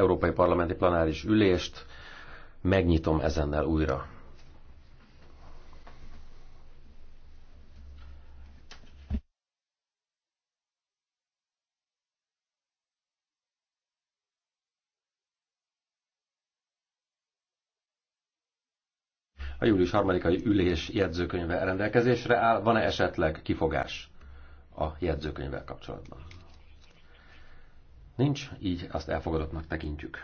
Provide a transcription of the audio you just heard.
Európai Parlamenti Planáris Ülést. Megnyitom ezennel újra. A július 3 ülés jegyzőkönyve rendelkezésre áll. Van-e esetleg kifogás a jegyzőkönyvvel kapcsolatban? Nincs, így azt elfogadottnak tekintjük.